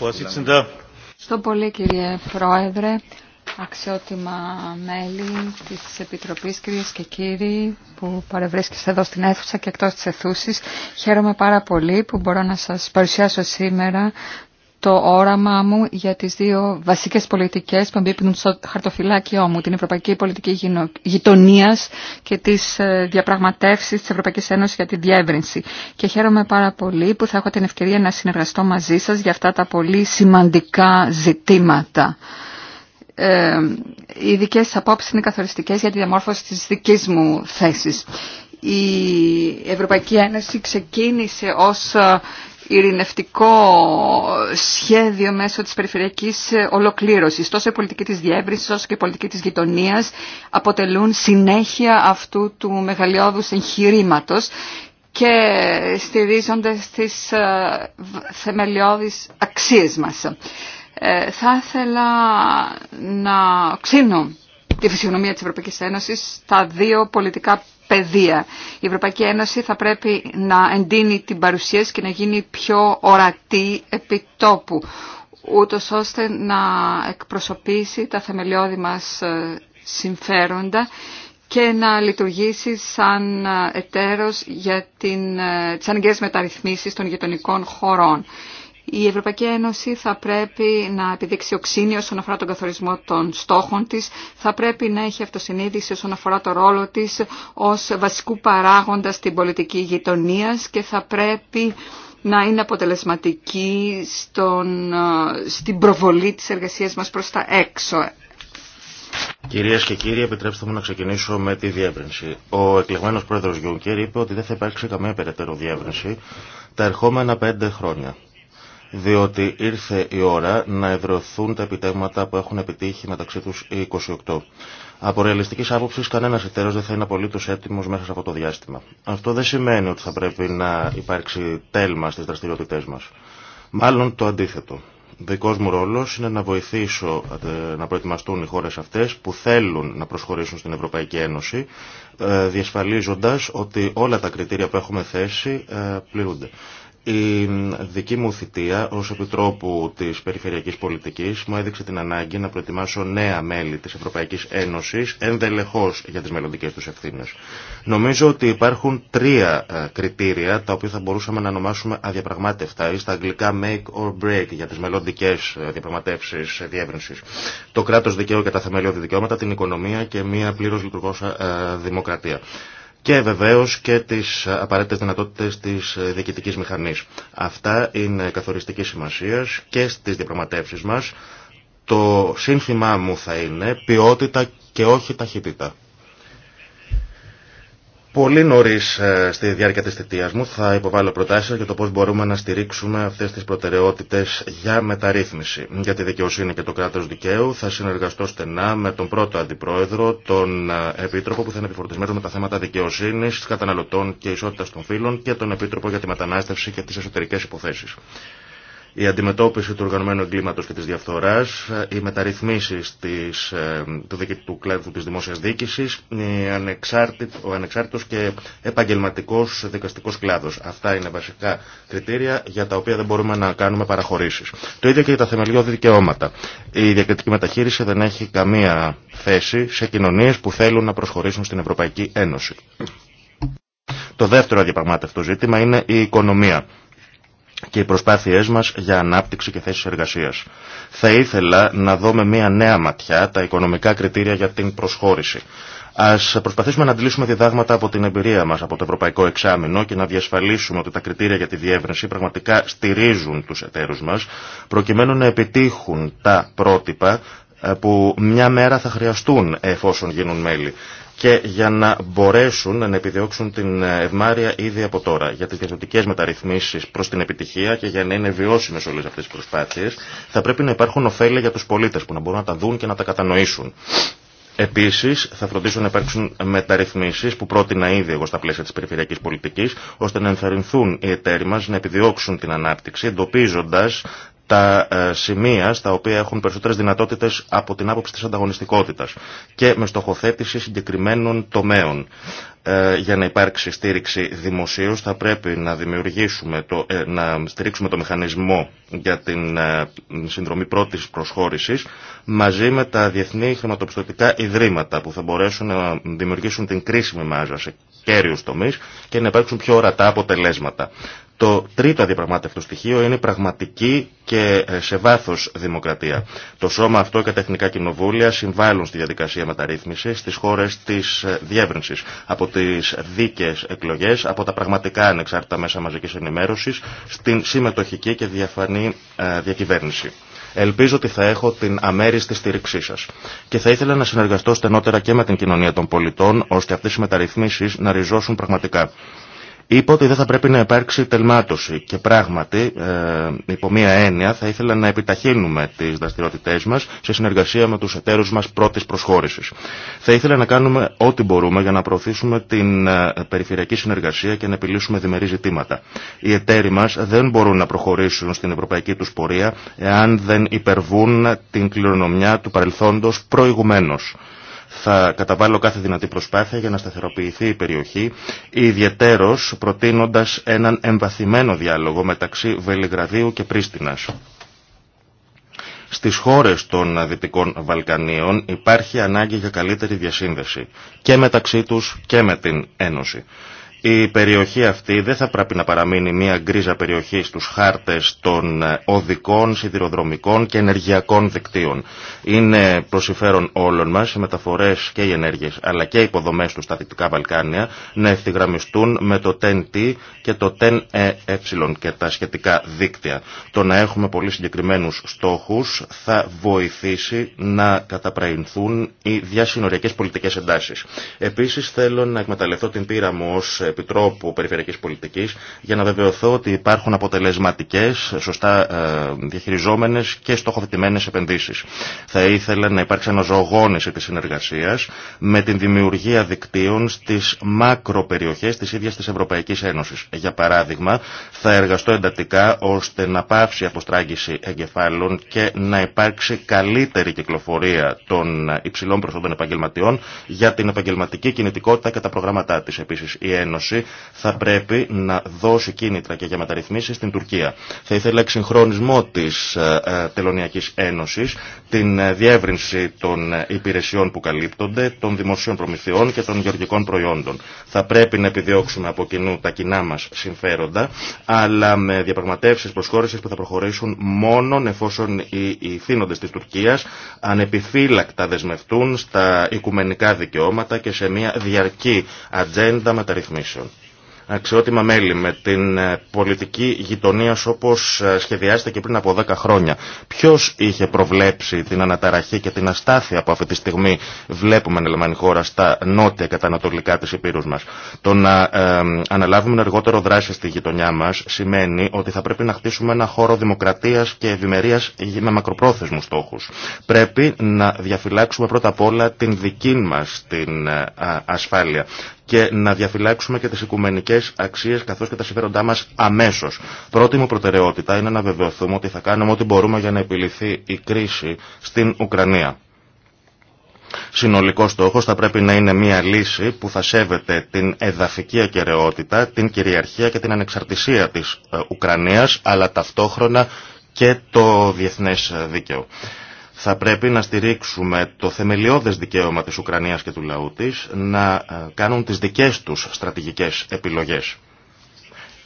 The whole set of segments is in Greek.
Ευχαριστώ πολύ κύριε Πρόεδρε, αξιότιμα μέλη της Επιτροπής, κυρίες και κύριοι που παρευρίσκεστε εδώ στην αίθουσα και εκτός της αιθούσης. Χαίρομαι πάρα πολύ που μπορώ να σας παρουσιάσω σήμερα το όραμά μου για τις δύο βασικές πολιτικές που εμπίπτουν στο χαρτοφυλάκιό μου, την Ευρωπαϊκή Πολιτική Γειτονία και τις ε, διαπραγματεύσεις της Ευρωπαϊκής Ένωσης για τη διεύρυνση. Και χαίρομαι πάρα πολύ που θα έχω την ευκαιρία να συνεργαστώ μαζί σας για αυτά τα πολύ σημαντικά ζητήματα. Ε, οι ειδικέ απόψεις είναι καθοριστικές για τη διαμόρφωση της δικής μου θέσης. Η Ευρωπαϊκή Ένωση ξεκίνησε ως ειρηνευτικό σχέδιο μέσω της περιφερειακής ολοκλήρωσης. Τόσο η πολιτική της διεύρυνσης όσο και η πολιτική της γειτονίας αποτελούν συνέχεια αυτού του μεγαλειώδους εγχειρήματο και στηρίζονται στις ε, θεμελιώδεις αξίες μας. Ε, θα ήθελα να ξύνω τη φυσιογνωμία της Ευρωπαϊκής Ένωσης στα δύο πολιτικά πεδία. Η Ευρωπαϊκή Ένωση θα πρέπει να εντείνει την παρουσίαση και να γίνει πιο ορατή επιτόπου, ούτως ώστε να εκπροσωπήσει τα θεμελιώδη μας ε, συμφέροντα και να λειτουργήσει σαν ε, εταίρος για την, ε, τις αναγκαίες μεταρρυθμίσεις των γειτονικών χωρών. Η Ευρωπαϊκή Ένωση θα πρέπει να επιδείξει οξύνη όσον αφορά τον καθορισμό των στόχων της, θα πρέπει να έχει αυτοσυνείδηση όσον αφορά το ρόλο της ως βασικού παράγοντα στην πολιτική γειτονία και θα πρέπει να είναι αποτελεσματική στον, στην προβολή της εργασίας μας προς τα έξω. Κυρίες και κύριοι, επιτρέψτε μου να ξεκινήσω με τη διεύρυνση. Ο εκλεγμένος πρόεδρος Γιούνκερ είπε ότι δεν θα υπάρξει καμία περαιτέρω διεύρυνση τα ερχόμενα πέντε χρόνια διότι ήρθε η ώρα να ευρωθούν τα επιτεύγματα που έχουν επιτύχει μεταξύ τους οι 28. Από ρεαλιστική άποψη, κανένα εταίρο δεν θα είναι απολύτω έτοιμο μέσα σε αυτό το διάστημα. Αυτό δεν σημαίνει ότι θα πρέπει να υπάρξει τέλμα στι δραστηριότητέ μα. Μάλλον το αντίθετο. Δικό μου ρόλο είναι να βοηθήσω ε, να προετοιμαστούν οι χώρε αυτέ που θέλουν να προσχωρήσουν στην Ευρωπαϊκή Ένωση, ε, διασφαλίζοντα ότι όλα τα κριτήρια που έχουμε θέσει ε, πληρούνται. Η δική μου θητεία ως Επιτρόπου της Περιφερειακής Πολιτικής μου έδειξε την ανάγκη να προετοιμάσω νέα μέλη της Ευρωπαϊκής Ένωσης ενδελεχώς για τις μελλοντικές τους ευθύνες. Νομίζω ότι υπάρχουν τρία ε, κριτήρια τα οποία θα μπορούσαμε να ονομάσουμε αδιαπραγμάτευτα ή στα αγγλικά make or break για τις μελλοντικές ε, διαπραγματεύσεις ε, διεύρυνσης. Το κράτος δικαίου και τα θεμελιώδη δικαιώματα, την οικονομία και μια πλήρως λειτουργώσα δημοκρατία και βεβαίως και τις απαραίτητες δυνατότητες της διοικητικής μηχανής. Αυτά είναι καθοριστική σημασία και στις διαπραγματεύσεις μας. Το σύνθημά μου θα είναι ποιότητα και όχι ταχύτητα. Πολύ νωρί ε, στη διάρκεια τη θητεία μου θα υποβάλω προτάσει για το πώ μπορούμε να στηρίξουμε αυτέ τι προτεραιότητε για μεταρρύθμιση. Για τη δικαιοσύνη και το κράτο δικαίου θα συνεργαστώ στενά με τον πρώτο αντιπρόεδρο, τον ε, Επίτροπο που θα είναι επιφορτισμένο με τα θέματα δικαιοσύνη, καταναλωτών και ισότητα των φύλων και τον Επίτροπο για τη μετανάστευση και τι εσωτερικέ υποθέσει η αντιμετώπιση του οργανωμένου εγκλήματος και της διαφθοράς, οι μεταρρυθμίσεις της, ε, του, του κλάδου της δημόσιας διοίκησης, ο ανεξάρτητος και επαγγελματικός δικαστικός κλάδος. Αυτά είναι βασικά κριτήρια για τα οποία δεν μπορούμε να κάνουμε παραχωρήσεις. Το ίδιο και για τα θεμελιώδη δικαιώματα. Η διακριτική μεταχείριση δεν έχει καμία θέση σε κοινωνίες που θέλουν να προσχωρήσουν στην Ευρωπαϊκή Ένωση. Το δεύτερο αδιαπραγμάτευτο ζήτημα είναι η οικονομία και οι προσπάθειές μας για ανάπτυξη και θέσει εργασία. Θα ήθελα να δω με μια νέα ματιά τα οικονομικά κριτήρια για την προσχώρηση. Α προσπαθήσουμε να αντιλήσουμε διδάγματα από την εμπειρία μα από το Ευρωπαϊκό Εξάμεινο και να διασφαλίσουμε ότι τα κριτήρια για τη διεύρυνση πραγματικά στηρίζουν του εταίρου μα, προκειμένου να επιτύχουν τα πρότυπα ε, που μια μέρα θα χρειαστούν εφόσον γίνουν μέλη και για να μπορέσουν να επιδιώξουν την ευμάρεια ήδη από τώρα. Για τις διαδοτικές μεταρρυθμίσεις προς την επιτυχία και για να είναι βιώσιμες όλες αυτές τις προσπάθειες θα πρέπει να υπάρχουν ωφέλη για τους πολίτες που να μπορούν να τα δουν και να τα κατανοήσουν. Επίση, θα φροντίσουν να υπάρξουν μεταρρυθμίσει που πρότεινα ήδη εγώ στα πλαίσια τη περιφερειακή πολιτική, ώστε να ενθαρρυνθούν οι εταίροι μα να επιδιώξουν την ανάπτυξη, εντοπίζοντα τα ε, σημεία στα οποία έχουν περισσότερες δυνατότητες από την άποψη της ανταγωνιστικότητας και με στοχοθέτηση συγκεκριμένων τομέων. Ε, για να υπάρξει στήριξη δημοσίως θα πρέπει να, δημιουργήσουμε το, ε, να στηρίξουμε το μηχανισμό για την συνδρομή πρώτης προσχώρησης μαζί με τα διεθνή χρηματοπιστωτικά ιδρύματα που θα μπορέσουν να δημιουργήσουν την κρίσιμη μάζα κέριου τομεί και να υπάρξουν πιο ορατά αποτελέσματα. Το τρίτο αδιαπραγμάτευτο στοιχείο είναι η πραγματική και ε, σε βάθο δημοκρατία. Το σώμα αυτό και τα εθνικά κοινοβούλια συμβάλλουν στη διαδικασία μεταρρύθμιση στι χώρε τη ε, διεύρυνση. Από τι δίκαιε εκλογέ, από τα πραγματικά ανεξάρτητα μέσα μαζική ενημέρωση, στην συμμετοχική και διαφανή ε, διακυβέρνηση. Ελπίζω ότι θα έχω την αμέριστη στήριξή σα. Και θα ήθελα να συνεργαστώ στενότερα και με την κοινωνία των πολιτών, ώστε αυτέ οι μεταρρυθμίσει να ριζώσουν πραγματικά. Είπε ότι δεν θα πρέπει να υπάρξει τελμάτωση και πράγματι, ε, υπό μία έννοια, θα ήθελα να επιταχύνουμε τις δραστηριότητές μας σε συνεργασία με τους εταίρους μας πρώτης προσχώρησης. Θα ήθελα να κάνουμε ό,τι μπορούμε για να προωθήσουμε την ε, περιφερειακή συνεργασία και να επιλύσουμε διμερεί ζητήματα. Οι εταίροι μας δεν μπορούν να προχωρήσουν στην ευρωπαϊκή του πορεία εάν δεν υπερβούν την κληρονομιά του παρελθόντος προηγουμένω. Θα καταβάλω κάθε δυνατή προσπάθεια για να σταθεροποιηθεί η περιοχή, ιδιαιτέρως προτείνοντας έναν εμβαθυμένο διάλογο μεταξύ Βελιγραδίου και Πρίστινας. Στις χώρες των Δυτικών Βαλκανίων υπάρχει ανάγκη για καλύτερη διασύνδεση και μεταξύ τους και με την Ένωση. Η περιοχή αυτή δεν θα πρέπει να παραμείνει μια γκρίζα περιοχή στους χάρτες των ε, οδικών, σιδηροδρομικών και ενεργειακών δικτύων. Είναι προσυφέρον όλων μας οι μεταφορές και οι ενέργειες αλλά και οι υποδομές του στα Δυτικά Βαλκάνια να ευθυγραμμιστούν με το TEN-T και το TEN-E ε ε και τα σχετικά δίκτυα. Το να έχουμε πολύ συγκεκριμένους στόχους θα βοηθήσει να καταπραϊνθούν οι διασυνοριακές πολιτικές εντάσεις. Επίσης θέλω να εκμεταλλευτώ την πείρα μου ως Επιτρόπου Περιφερειακής Πολιτικής για να βεβαιωθώ ότι υπάρχουν αποτελεσματικές, σωστά ε, διαχειριζόμενες και στοχοθετημένες επενδύσεις. Θα ήθελα να υπάρξει αναζωογόνηση της συνεργασίας με την δημιουργία δικτύων στις μακροπεριοχές της ίδιας της Ευρωπαϊκής Ένωσης. Για παράδειγμα, θα εργαστώ εντατικά ώστε να πάψει η αποστράγγιση εγκεφάλων και να υπάρξει καλύτερη κυκλοφορία των υψηλών προσόντων επαγγελματιών για την επαγγελματική κινητικότητα και τα προγράμματά της. Επίσης, η Ένωση θα πρέπει να δώσει κίνητρα και για μεταρρυθμίσει στην Τουρκία. Θα ήθελα εξυγχρονισμό τη ε, ε, Τελωνιακή Ένωση, την ε, διεύρυνση των υπηρεσιών που καλύπτονται, των δημοσίων προμηθειών και των γεωργικών προϊόντων. Θα πρέπει να επιδιώξουμε από κοινού τα κοινά μα συμφέροντα, αλλά με διαπραγματεύσει προσχώρηση που θα προχωρήσουν μόνον εφόσον οι, οι τη της Τουρκίας ανεπιφύλακτα δεσμευτούν στα οικουμενικά δικαιώματα και σε μια διαρκή ατζέντα μεταρρυθμίσεων. Nation. Αξιότιμα μέλη με την ε, πολιτική γειτονία όπως ε, σχεδιάστηκε πριν από 10 χρόνια. Ποιος είχε προβλέψει την αναταραχή και την αστάθεια που αυτή τη στιγμή βλέπουμε ανελαμβάνει χώρα στα νότια και τα ανατολικά της Υπήρους μας. Το να ε, αναλάβουμε αργότερο δράση στη γειτονιά μας σημαίνει ότι θα πρέπει να χτίσουμε ένα χώρο δημοκρατίας και ευημερία με μακροπρόθεσμους στόχους. Πρέπει να διαφυλάξουμε πρώτα απ' όλα την δική μας την ασφάλεια και να διαφυλάξουμε και τις οικουμενικές αξίες καθώ και τα συμφέροντά μα αμέσως. Πρώτη μου προτεραιότητα είναι να βεβαιωθούμε ότι θα κάνουμε ό,τι μπορούμε για να επιληθεί η κρίση στην Ουκρανία. Συνολικό στόχο θα πρέπει να είναι μια λύση που θα σέβεται την εδαφική ακεραιότητα, την κυριαρχία και την ανεξαρτησία τη ε, Ουκρανία, αλλά ταυτόχρονα και το διεθνέ δίκαιο. Θα πρέπει να στηρίξουμε το θεμελιώδες δικαίωμα της Ουκρανίας και του λαού της να ε, κάνουν τις δικές τους στρατηγικές επιλογές.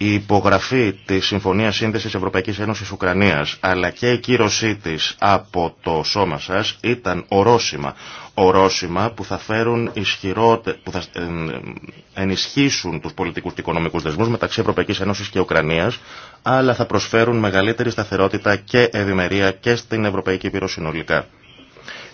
Η υπογραφή της Συμφωνίας Σύνδεσης Ευρωπαϊκής Ένωσης Ουκρανίας αλλά και η κύρωσή της από το σώμα σας ήταν ορόσημα. Ορόσημα που θα, φέρουν που θα ε, ενισχύσουν τους πολιτικούς και οικονομικούς δεσμούς μεταξύ Ευρωπαϊκής Ένωσης και Ουκρανίας αλλά θα προσφέρουν μεγαλύτερη σταθερότητα και ευημερία και στην Ευρωπαϊκή Πύρο συνολικά.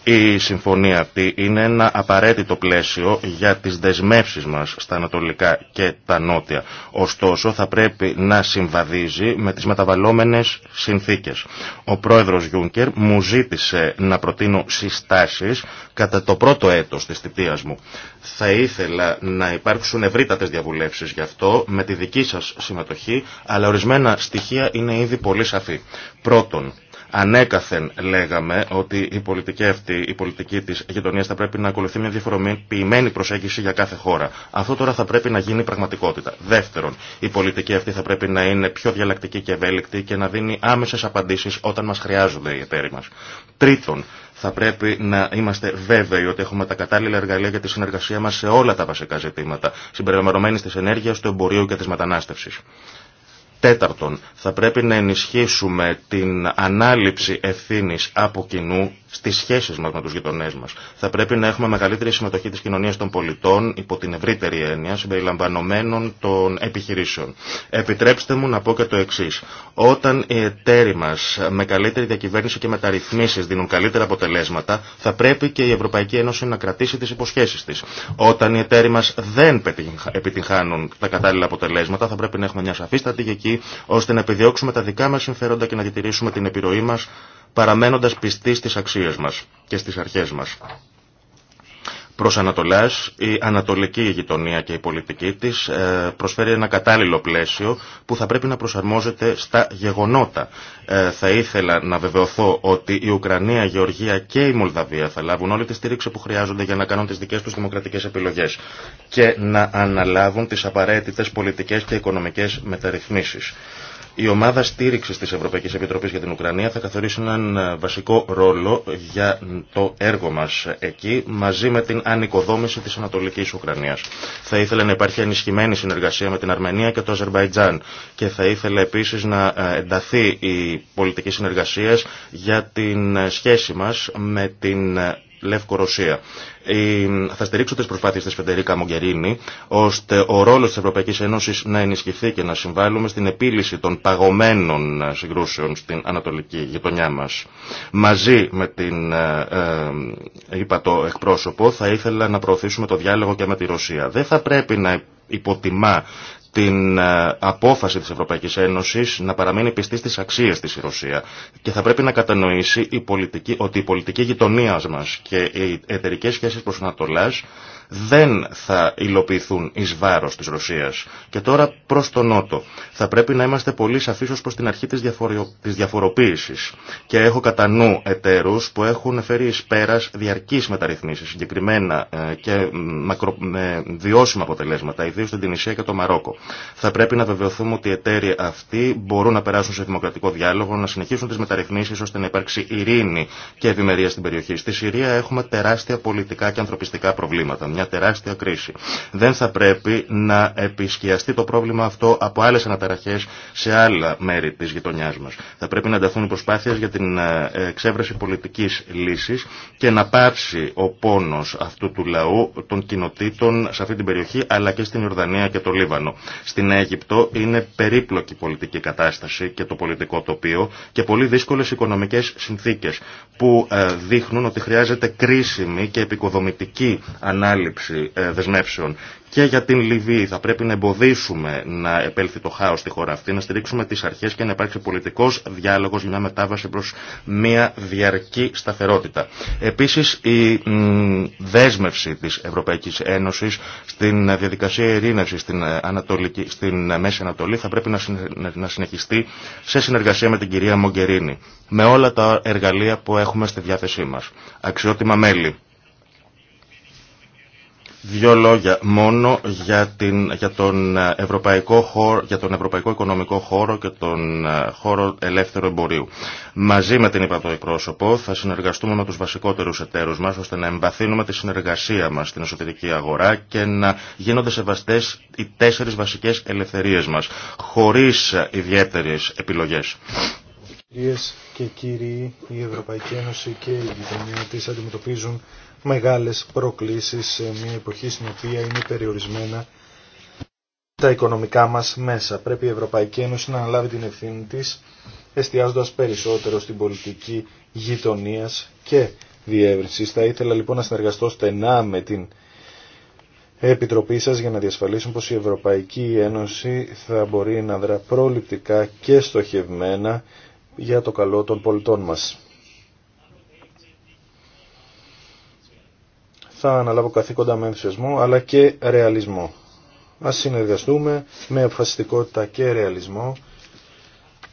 Η συμφωνία αυτή είναι ένα απαραίτητο πλαίσιο για τις δεσμεύσεις μας στα ανατολικά και τα νότια. Ωστόσο θα πρέπει να συμβαδίζει με τις μεταβαλλόμενες συνθήκες. Ο πρόεδρος Γιούνκερ μου ζήτησε να προτείνω συστάσεις κατά το πρώτο έτος της θητείας μου. Θα ήθελα να υπάρξουν ευρύτατες διαβουλεύσεις γι' αυτό με τη δική σας συμμετοχή, αλλά ορισμένα στοιχεία είναι ήδη πολύ σαφή. Πρώτον, Ανέκαθεν λέγαμε ότι η πολιτική αυτή, η πολιτική της γειτονίας θα πρέπει να ακολουθεί μια διαφορετική προσέγγιση για κάθε χώρα. Αυτό τώρα θα πρέπει να γίνει πραγματικότητα. Δεύτερον, η πολιτική αυτή θα πρέπει να είναι πιο διαλλακτική και ευέλικτη και να δίνει άμεσες απαντήσεις όταν μας χρειάζονται οι εταίροι μας. Τρίτον, θα πρέπει να είμαστε βέβαιοι ότι έχουμε τα κατάλληλα εργαλεία για τη συνεργασία μας σε όλα τα βασικά ζητήματα, συμπεριλαμβανομένης της ενέργειας, του εμπορίου και της μετανάστευση. Τέταρτον, θα πρέπει να ενισχύσουμε την ανάληψη ευθύνη από κοινού στι σχέσει μα με του γειτονέ μα. Θα πρέπει να έχουμε μεγαλύτερη συμμετοχή τη κοινωνία των πολιτών υπό την ευρύτερη έννοια συμπεριλαμβανομένων των επιχειρήσεων. Επιτρέψτε μου να πω και το εξή. Όταν οι εταίροι μα με καλύτερη διακυβέρνηση και μεταρρυθμίσει δίνουν καλύτερα αποτελέσματα, θα πρέπει και η Ευρωπαϊκή Ένωση να κρατήσει τι υποσχέσει τη. Όταν οι εταίροι μα δεν επιτυγχάνουν τα κατάλληλα αποτελέσματα, θα πρέπει να έχουμε μια σαφή στρατηγική ώστε να επιδιώξουμε τα δικά μας συμφέροντα και να διατηρήσουμε την επιρροή μας παραμένοντας πιστοί στις αξίες μας και στις αρχές μας. Προς Ανατολάς, η ανατολική γειτονία και η πολιτική της ε, προσφέρει ένα κατάλληλο πλαίσιο που θα πρέπει να προσαρμόζεται στα γεγονότα. Ε, θα ήθελα να βεβαιωθώ ότι η Ουκρανία, η Γεωργία και η Μολδαβία θα λάβουν όλη τη στήριξη που χρειάζονται για να κάνουν τις δικές τους δημοκρατικές επιλογές και να αναλάβουν τις απαραίτητες πολιτικές και οικονομικές μεταρρυθμίσεις. Η ομάδα στήριξη τη Ευρωπαϊκή Επιτροπή για την Ουκρανία θα καθορίσει έναν ε, βασικό ρόλο για το έργο μα εκεί, μαζί με την ανοικοδόμηση τη Ανατολική Ουκρανία. Θα ήθελε να υπάρχει ενισχυμένη συνεργασία με την Αρμενία και το Αζερβαϊτζάν και θα ήθελε επίση να ε, ενταθεί η πολιτική συνεργασία για την ε, σχέση μα με την ε, Θα στηρίξω τι προσπάθειε τη Φεντερίκα Μογκερίνη, ώστε ο ρόλο τη Ευρωπαϊκή Ένωση να ενισχυθεί και να συμβάλλουμε στην επίλυση των παγωμένων συγκρούσεων στην ανατολική γειτονιά μα. Μαζί με την ε, ε, είπα το εκπρόσωπο θα ήθελα να προωθήσουμε το διάλογο και με τη Ρωσία. Δεν θα πρέπει να υποτιμά την ε, απόφαση της Ευρωπαϊκής Ένωσης να παραμείνει πιστή στις αξίες της η Ρωσία και θα πρέπει να κατανοήσει η πολιτική, ότι η πολιτική γειτονία μας και οι εταιρικέ σχέσεις προς Ανατολάς δεν θα υλοποιηθούν εις βάρος της Ρωσίας. Και τώρα προς τον Νότο. Θα πρέπει να είμαστε πολύ σαφείς ως προς την αρχή της, διαφοριο... της διαφοροποίησης. Και έχω κατά νου εταίρους που έχουν φέρει εις πέρας διαρκείς μεταρρυθμίσεις, συγκεκριμένα ε, και μακρο... με βιώσιμα αποτελέσματα, ιδίως στην Τινησία και το Μαρόκο. Θα πρέπει να βεβαιωθούμε ότι οι εταίροι αυτοί μπορούν να περάσουν σε δημοκρατικό διάλογο, να συνεχίσουν τις μεταρρυθμίσεις ώστε να υπάρξει ειρήνη και ευημερία στην περιοχή. Στη Συρία έχουμε τεράστια πολιτικά και ανθρωπιστικά προβλήματα μια τεράστια κρίση. Δεν θα πρέπει να επισκιαστεί το πρόβλημα αυτό από άλλε αναταραχέ σε άλλα μέρη τη γειτονιά μα. Θα πρέπει να ενταθούν οι προσπάθειε για την ε, εξέβρεση πολιτική λύση και να πάψει ο πόνο αυτού του λαού των κοινοτήτων σε αυτή την περιοχή αλλά και στην Ιορδανία και το Λίβανο. Στην Αίγυπτο είναι περίπλοκη πολιτική κατάσταση και το πολιτικό τοπίο και πολύ δύσκολε οικονομικέ συνθήκε που ε, δείχνουν ότι χρειάζεται κρίσιμη και επικοδομητική ανάλυση ε, δεσμεύσεων και για την Λιβύη θα πρέπει να εμποδίσουμε να επέλθει το χάος στη χώρα αυτή, να στηρίξουμε τις αρχές και να υπάρξει πολιτικός διάλογος για μια μετάβαση προς μια διαρκή σταθερότητα. Επίσης η δέσμευση της Ευρωπαϊκής Ένωσης στην διαδικασία ειρήνευσης στην, Ανατολική, στην Μέση Ανατολή θα πρέπει να συνεχιστεί σε συνεργασία με την κυρία Μογκερίνη με όλα τα εργαλεία που έχουμε στη διάθεσή μας. Αξιότιμα μέλη. Δύο λόγια μόνο για, την, για, τον ε, ευρωπαϊκό χώρο, για τον Ευρωπαϊκό Οικονομικό Χώρο και τον ε, Χώρο Ελεύθερου Εμπορίου. Μαζί με την ΕΠΑΤΟ εκπρόσωπο θα συνεργαστούμε με τους βασικότερους εταίρους μας ώστε να εμβαθύνουμε τη συνεργασία μας στην εσωτερική αγορά και να γίνονται σεβαστές οι τέσσερις βασικές ελευθερίες μας, χωρίς ιδιαίτερες επιλογές. Κυρίες και κύριοι, η Ευρωπαϊκή Ένωση και η κοινωνία της αντιμετωπίζουν μεγάλες προκλήσεις σε μια εποχή στην οποία είναι περιορισμένα τα οικονομικά μας μέσα. Πρέπει η Ευρωπαϊκή Ένωση να αναλάβει την ευθύνη της εστιάζοντας περισσότερο στην πολιτική γειτονίας και διεύρυνσης. Θα ήθελα λοιπόν να συνεργαστώ στενά με την Επιτροπή σας για να διασφαλίσουν πως η Ευρωπαϊκή Ένωση θα μπορεί να δρά προληπτικά και στοχευμένα για το καλό των πολιτών μας. θα αναλάβω καθήκοντα με ενθουσιασμό αλλά και ρεαλισμό. Ας συνεργαστούμε με αποφασιστικότητα και ρεαλισμό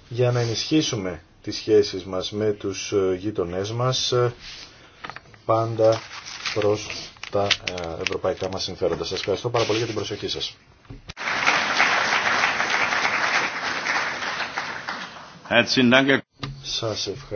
για να ενισχύσουμε τις σχέσεις μας με τους ε, γείτονές μας ε, πάντα προς τα ε, ευρωπαϊκά μας συμφέροντα. Σας ευχαριστώ πάρα πολύ για την προσοχή σας. Σας ευχαριστώ.